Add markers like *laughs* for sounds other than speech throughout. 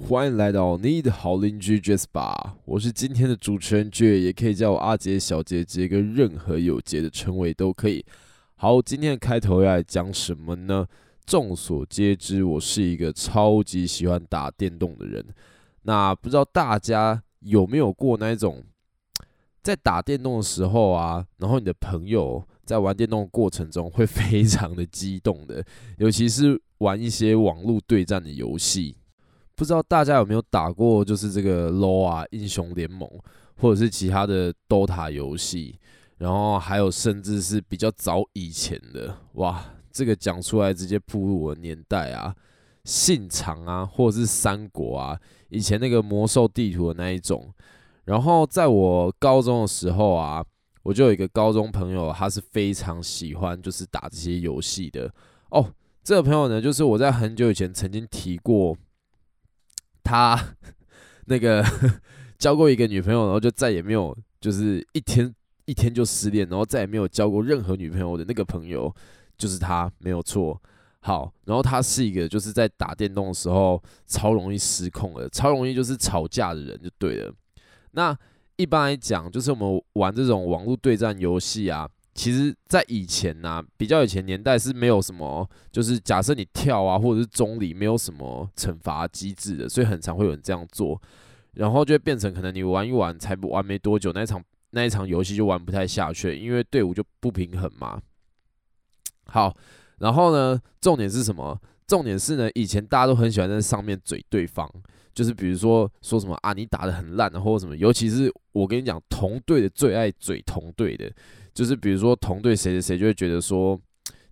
歡迎來到你的好鄰居杰斯霸，我是今天的主持人 J，也可以叫我阿杰、小杰杰，跟任何有杰的稱謂都可以。好，今天的開頭要來講什麼呢？眾所皆知，我是一個超級喜歡打電動的人。那不知道大家有沒有過那種？在打電動的時候啊，然後你的朋友在玩電動的過程中會非常的激動的，尤其是玩一些網絡對戰的遊戲。不知道大家有沒有打過，就是這個 LOL 啊，英雄聯盟，或者是其他的 DOTA 遊戲，然後還有甚至是比較早以前的，哇，這個講出來直接鋪入我的年代啊，信長啊，或者是三國啊，以前那個魔獸地圖的那一種。然後在我高中的時候啊，我就有一個高中朋友，他是非常喜歡就是打這些遊戲的哦。這個朋友呢，就是我在很久以前曾經提過，他那個交過一個女朋友，然後就再也沒有，就是一天一天就失戀，然後再也沒有交過任何女朋友的那個朋友，就是他，沒有錯。好，然後他是一個就是在打電動的時候超容易失控的，超容易就是吵架的人，就對了。那一般來講，就是我們玩這種網絡對戰遊戲啊，其實，在以前呢、啊，比較以前年代是沒有什麼，就是假設你跳啊，或者是中離，沒有什麼懲罰機制的，所以很常會有人這樣做，然後就會變成可能你玩一玩，才不玩沒多久，那一場那一場遊戲就玩不太下去，因為隊伍就不平衡嘛。好，然後呢，重點是什麼？重點是呢，以前大家都很喜歡在上面嘴對方，就是比如說說什麼啊，你打得很爛，然後什麼，尤其是我跟你講，同隊的最愛嘴同隊的，就是比如說同隊誰誰誰就會覺得說，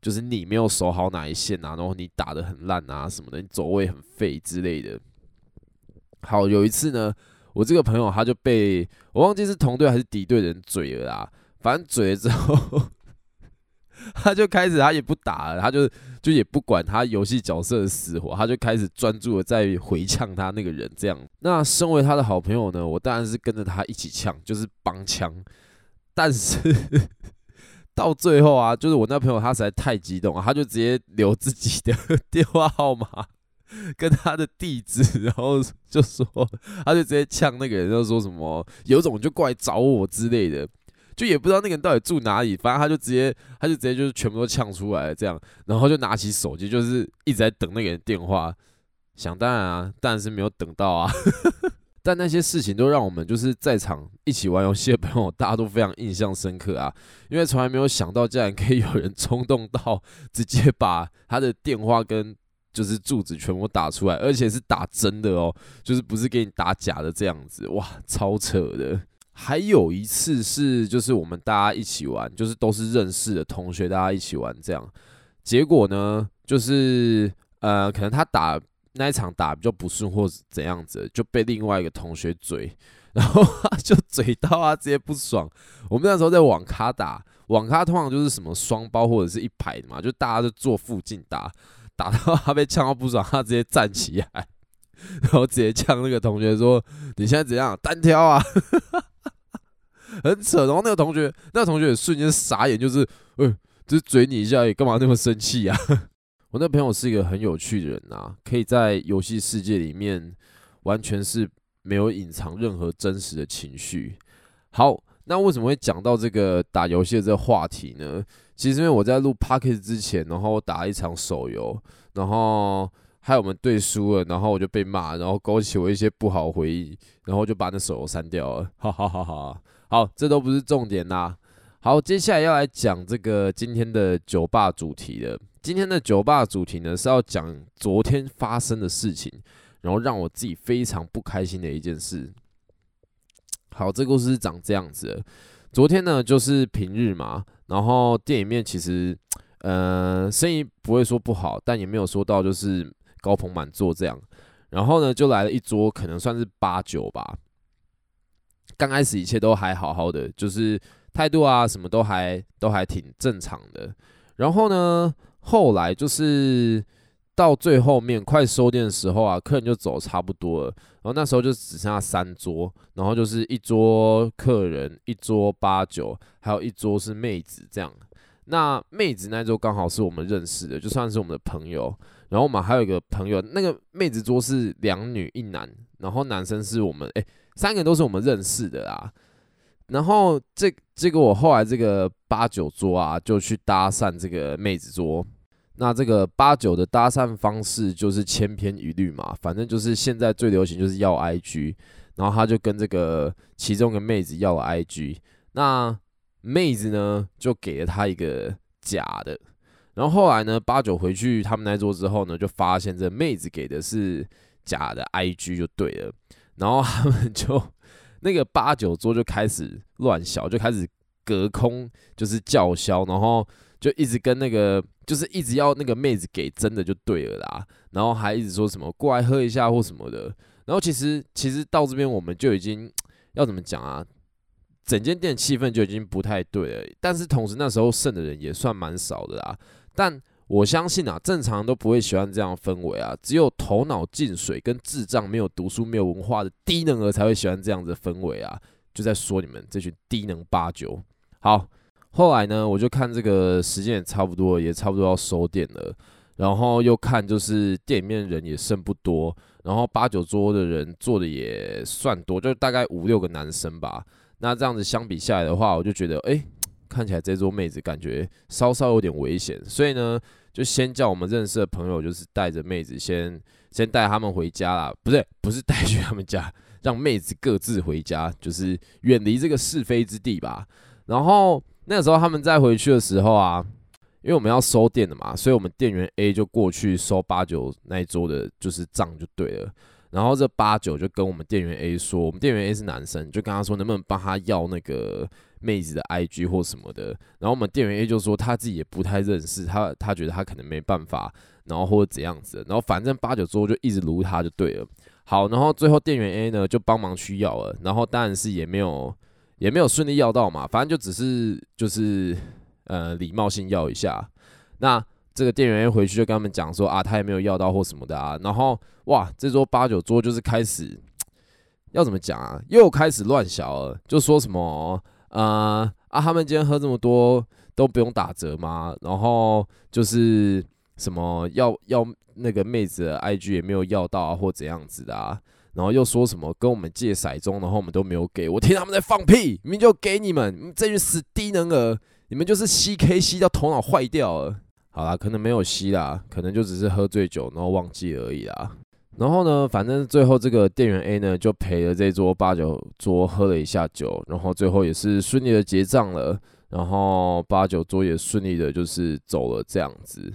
就是你沒有守好哪一線啊，然後你打得很爛啊什麼的，你走位很廢之類的。好，有一次呢，我這個朋友他就被我忘記是同隊還是敵隊的人嘴了啦，反正嘴了之後。 *laughs* 他就開始，他也不打了，他就就也不管他遊戲角色的死活，他就開始專注的在回嗆他那個人這樣。那身為他的好朋友呢，我當然是跟着他一起嗆，就是幫腔。但是 *laughs* 到最後啊，就是我那朋友他實在太激動啊，他就直接留自己的電話號碼跟他的地址，然後就說，他就直接嗆那個人，就說什麼有種就過來找我之類的。就也不知道那個人到底住哪裡，反正他就直接，他就直接就是全部都嗆出來了這樣，然後就拿起手機，就是一直在等那個人電話。想當然啊，當然是沒有等到啊。 *laughs* 但那些事情都讓我們就是在場一起玩遊戲的朋友，大家都非常印象深刻啊，因為從來沒有想到竟然可以有人衝動到直接把他的電話跟就是住址全部打出來，而且是打真的哦，就是不是給你打假的這樣子，哇，超扯的。還有一次是，就是我們大家一起玩，就是都是認識的同學，大家一起玩這樣。結果呢，就是呃，可能他打那一場打比較不順，或者怎樣子，就被另外一個同學嘴，然後他就嘴到啊，直接不爽。我們那時候在網咖打，網咖通常就是什麼雙包或者是一排嘛，就大家就坐附近打。打到他被嗆到不爽，他直接站起來，然後直接嗆那個同學說：“你現在怎樣？單挑啊！”呵呵很扯，然後那個同學，那個同學也瞬間傻眼，就是，嗯、欸，只、就是嘴你一下，幹嘛那麼生氣啊？ *laughs* 我那朋友是一個很有趣的人啊，可以在遊戲世界裡面完全是沒有隱藏任何真實的情緒。好，那為什麼會講到這個打遊戲的這個話題呢？其實因為我在錄 Podcast 之前，然後打了一場手遊，然後害我們隊輸了，然後我就被罵，然後勾起我一些不好回憶，然後就把那手遊刪掉了，哈哈哈哈。好，這都不是重點啦。好，接下來要來講這個今天的酒吧主題了。今天的酒吧主題呢，是要講昨天發生的事情，然後讓我自己非常不開心的一件事。好，這故事是長這樣子的：昨天呢，就是平日嘛，然後店裡面其實，嗯、呃，生意不會說不好，但也沒有說到就是高朋滿座這樣。然後呢，就來了一桌，可能算是八九吧。剛開始一切都還好好的，就是態度啊，什麼都還都還挺正常的。然後呢，後來就是到最後面快收店的時候啊，客人就走差不多了。然後那時候就只剩下三桌，然後就是一桌客人，一桌八九，還有一桌是妹子這樣。那妹子那桌剛好是我們認識的，就算是我們的朋友。然後我們還有一個朋友，那個妹子桌是兩女一男。然後男生是我們，哎，三個人都是我們認識的啊。然後這這個我後來這個八九桌啊，就去搭訕這個妹子桌。那這個八九的搭訕方式就是千篇一律嘛，反正就是現在最流行就是要 IG。然後他就跟這個其中一個妹子要了 IG，那妹子呢就給了他一個假的。然後後來呢，八九回去他們那桌之後呢，就發現這妹子給的是。假的 IG 就對了，然後他們就那個八九桌就開始亂笑，就開始隔空就是叫囂，然後就一直跟那個就是一直要那個妹子給真的就對了啦，然後還一直說什麼過來喝一下或什麼的，然後其實其實到這邊我們就已經要怎麼講啊，整間店的氣氛就已經不太對了，但是同時那時候剩的人也算蠻少的啦，但。我相信啊，正常人都不會喜歡這樣的氛圍啊，只有頭腦進水跟智障、沒有讀書、沒有文化的低能兒才會喜歡這樣子的氛圍啊，就在說你們這群低能八九。好，後來呢，我就看這個時間也差不多，也差不多要收店了，然後又看就是店裡面人也剩不多，然後八九桌的人坐的也算多，就是大概五六個男生吧。那這樣子相比下來的話，我就覺得，哎、欸，看起來這桌妹子感覺稍稍有點危險，所以呢。就先叫我們認識的朋友，就是帶着妹子先先帶他們回家啦，不是不是帶去他們家，讓妹子各自回家，就是遠離這個是非之地吧。然後那個時候他們再回去的時候啊，因為我們要收店的嘛，所以我們店員 A 就過去收八九那一桌的，就是賬就對了。然後這八九就跟我們店員 A 說，我們店員 A 是男生，就跟他說能不能幫他要那個。妹子的 IG 或什麼的，然後我們店員 A 就說他自己也不太認識他，他覺得他可能沒辦法，然後或者怎樣子，然後反正八九桌就一直盧他就對了。好，然後最後店員 A 呢就幫忙去要了，然後當然是也沒有也沒有順利要到嘛，反正就只是就是呃禮貌性要一下。那這個店員 A 回去就跟他們講說啊，他也沒有要到或什麼的啊。然後哇，這桌八九桌就是開始要怎麼講啊，又開始亂小了，就說什麼。啊、呃、啊！他們今天喝這麼多都不用打折嗎？然後就是什麼要要那個妹子的 IG 也沒有要到啊，或怎樣子的啊？然後又說什麼跟我們借骰盅然後我們都沒有給我聽、啊、他們在放屁，明明就給你們，你們這群死低能兒，你們就是吸 K 吸到頭腦壞掉了。好啦，可能沒有吸啦，可能就只是喝醉酒然後忘記而已啦。然後呢，反正最後這個店員 A 呢，就陪了這桌八九桌喝了一下酒，然後最後也是順利的結賬了，然後八九桌也順利的就是走了這樣子。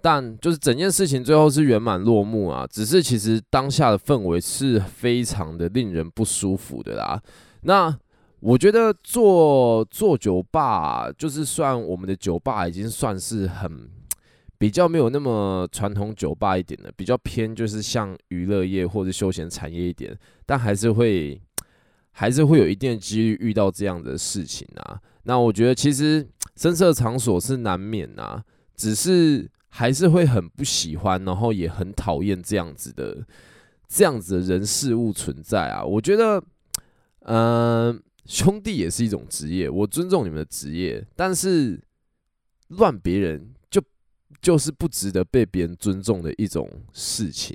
但就是整件事情最後是圓滿落幕啊，只是其實當下的氛圍是非常的令人不舒服的啦。那我覺得做做酒吧啊，就是算我們的酒吧已經算是很。比較沒有那麼傳統酒吧一點的，比較偏就是像娛樂業或者休閒產業一點，但還是會，還是會有一定的幾率遇到這樣的事情啊。那我覺得其實聲色場所是難免吶、啊，只是還是會很不喜歡，然後也很討厭這樣子的這樣子的人事物存在啊。我覺得，嗯、呃，兄弟也是一種職業，我尊重你們的職業，但是亂別人。就是不值得被別人尊重的一種事情，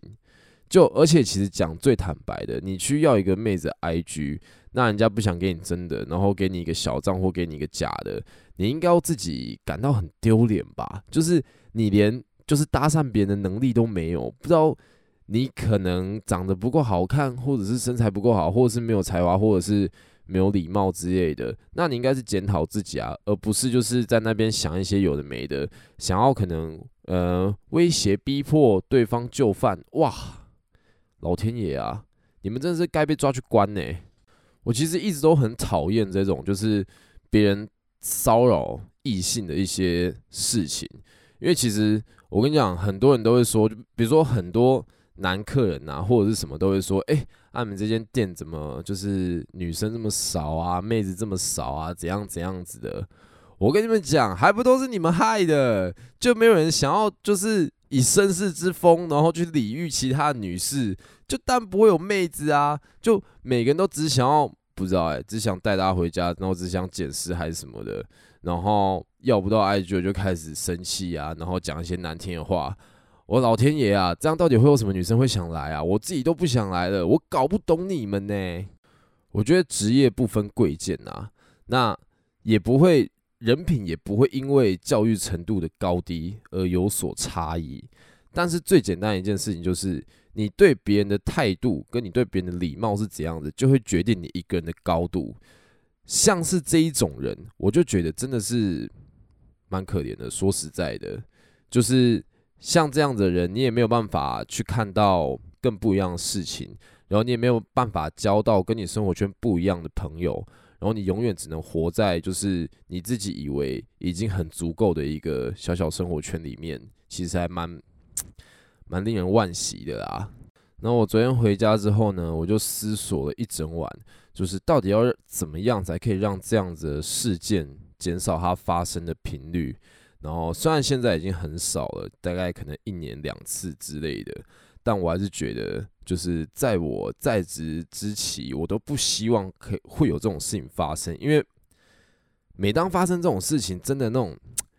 就而且其實講最坦白的，你去要一個妹子 IG，那人家不想給你真的，然後給你一個小賬或給你一個假的，你應該要自己感到很丟臉吧？就是你連就是搭訕別人的能力都沒有，不知道你可能長得不夠好看，或者是身材不夠好，或者是沒有才華，或者是。沒有禮貌之類的，那你應該是檢討自己啊，而不是就是在那邊想一些有的沒的，想要可能呃威脅逼迫對方就範。哇，老天爺啊，你們真的是該被抓去關呢、欸！我其實一直都很討厭這種就是別人騷擾異性的一些事情，因為其實我跟你講，很多人都會說，比如說很多。男客人吶、啊，或者是什麼都會說，哎、欸，阿、啊、們這間店怎麼就是女生這麼少啊，妹子這麼少啊，怎樣怎樣子的？我跟你們講，還不都是你們害的？就沒有人想要就是以紳士之風，然後去禮遇其他女士，就但不會有妹子啊，就每個人都只想要不知道哎、欸，只想帶她回家，然後只想撿屍還是什麼的，然後要不到 IG 就，就開始生氣啊，然後講一些難聽的話。我老天爺啊，這樣到底會有什麼女生會想來啊？我自己都不想來了，我搞不懂你們呢。我覺得職業不分貴賤啊，那也不會人品也不會因為教育程度的高低而有所差異。但是最簡單一件事情就是，你對別人的態度跟你對別人的禮貌是怎樣的，就會決定你一個人的高度。像是這一種人，我就覺得真的是蠻可憐的。說實在的，就是。像這樣的人，你也沒有辦法去看到更不一樣的事情，然後你也沒有辦法交到跟你生活圈不一樣的朋友，然後你永遠只能活在就是你自己以為已經很足夠的一個小小生活圈裡面，其實還蠻蠻令人惋惜的啦。那我昨天回家之後呢，我就思索了一整晚，就是到底要怎麼樣才可以讓這樣子的事件減少它發生的頻率。然後雖然現在已經很少了，大概可能一年兩次之類的，但我還是覺得，就是在我在職之前，我都不希望可會有這種事情發生。因為每當發生這種事情，真的那種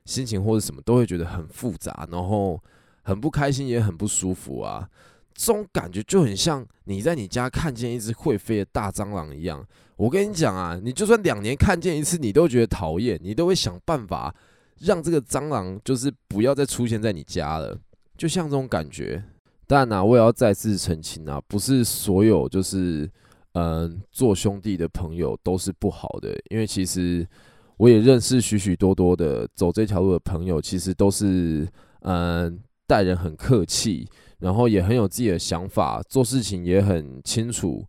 心情或者什麼都會覺得很複雜，然後很不開心，也很不舒服啊。這種感覺就很像你在你家看見一隻會飛的大蟑螂一樣。我跟你講啊，你就算兩年看見一次，你都覺得討厭，你都會想辦法。讓這個蟑螂就是不要再出現在你家了，就像這種感覺。當然呢，我也要再次澄清啊，不是所有就是嗯做兄弟的朋友都是不好的，因為其實我也認識許許多多的走這條路的朋友，其實都是嗯待人很客氣，然後也很有自己的想法，做事情也很清楚。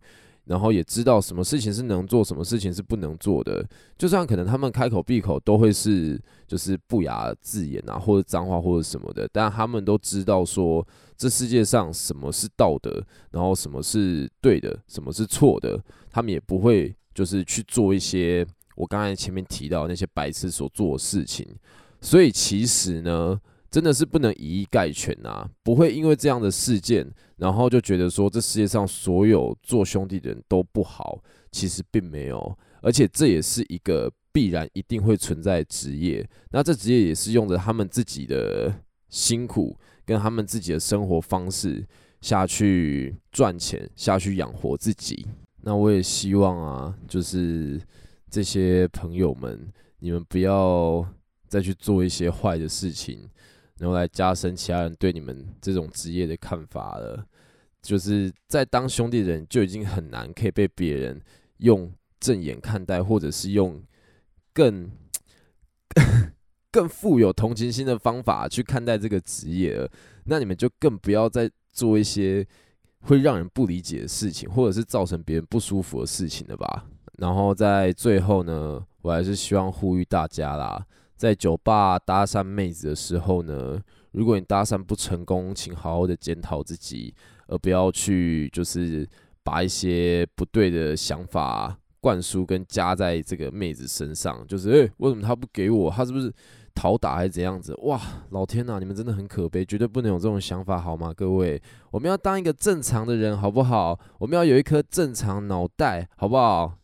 然後也知道什麼事情是能做，什麼事情是不能做的。就算可能他們開口閉口都會是就是不雅字眼啊，或者髒話或者什麼的。但他們都知道說，這世界上什麼是道德，然後什麼是對的，什麼是錯的。他們也不會就是去做一些我剛才前面提到那些白痴所做的事情。所以其實呢，真的是不能以一概全啊！不會因為這樣的事件，然後就覺得說，這世界上所有做兄弟的人都不好。其實並沒有，而且這也是一個必然一定會存在的職業。那這職業也是用着他們自己的辛苦跟他們自己的生活方式下去賺錢，下去養活自己。那我也希望啊，就是這些朋友們，你們不要再去做一些壞的事情。然後來加深其他人對你們這種職業的看法了，就是在當兄弟的人就已經很難可以被別人用正眼看待，或者是用更 *laughs* 更富有同情心的方法去看待這個職業了。那你們就更不要再做一些會讓人不理解的事情，或者是造成別人不舒服的事情了吧。然後在最後呢，我還是希望呼籲大家啦。在酒吧搭訕妹子的時候呢，如果你搭訕不成功，請好好的檢討自己，而不要去就是把一些不對的想法灌輸跟加在這個妹子身上，就是誒，為什麼她不給我？她是不是討打還是怎樣子？哇，老天吶，你們真的很可悲，絕對不能有這種想法好嗎？各位，我們要當一個正常的人好不好？我們要有一顆正常腦袋好不好？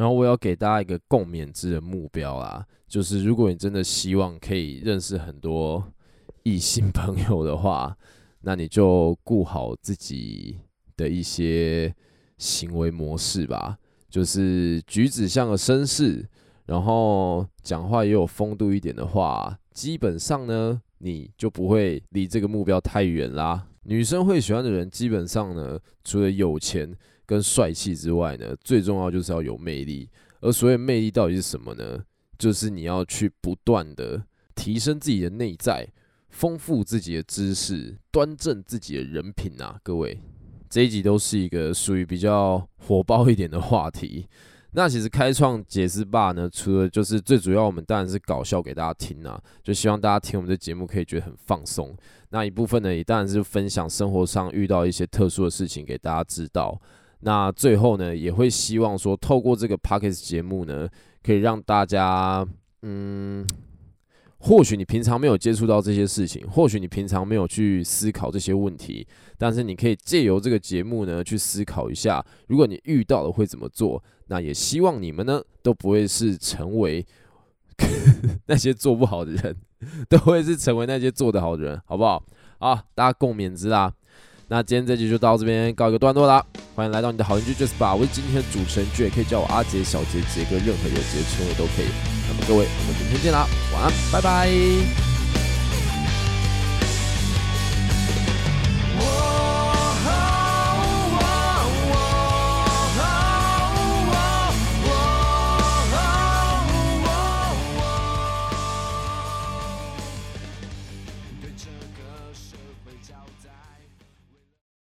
然後我要給大家一個共勉之的目標啦，就是如果你真的希望可以認識很多異性朋友的話，那你就顧好自己的一些行為模式吧，就是舉止像個紳士，然後講話也有風度一點的話，基本上呢，你就不會離這個目標太遠啦。女生會喜歡的人，基本上呢，除了有錢。跟帥氣之外呢，最重要就是要有魅力。而所謂魅力到底是什麼呢？就是你要去不斷的提升自己的內在，豐富自己的知識，端正自己的人品啊，各位。這一集都是一個屬於比較火爆一點的話題。那其實開創杰斯霸呢，除了就是最主要，我們當然是搞笑給大家聽啊，就希望大家聽我們的節目可以覺得很放鬆。那一部分呢，也當然是分享生活上遇到一些特殊的事情給大家知道。那最後呢，也會希望說，透過這個 Podcast 節目呢，可以讓大家，嗯，或許你平常沒有接觸到這些事情，或許你平常沒有去思考這些問題，但是你可以借由這個節目呢，去思考一下，如果你遇到了會怎麼做。那也希望你們呢，都不會是成為 *laughs* 那些做不好的人，都會是成為那些做得好的人，好不好？好，大家共勉之啊。那今天這集就到這邊告一個段落啦。歡迎來到你的好鄰居杰斯霸我是今天的主持人，就也可以叫我阿杰、小杰、杰哥，任何有杰的稱謂都可以。那麼各位，我們明天見啦，晚安，拜拜。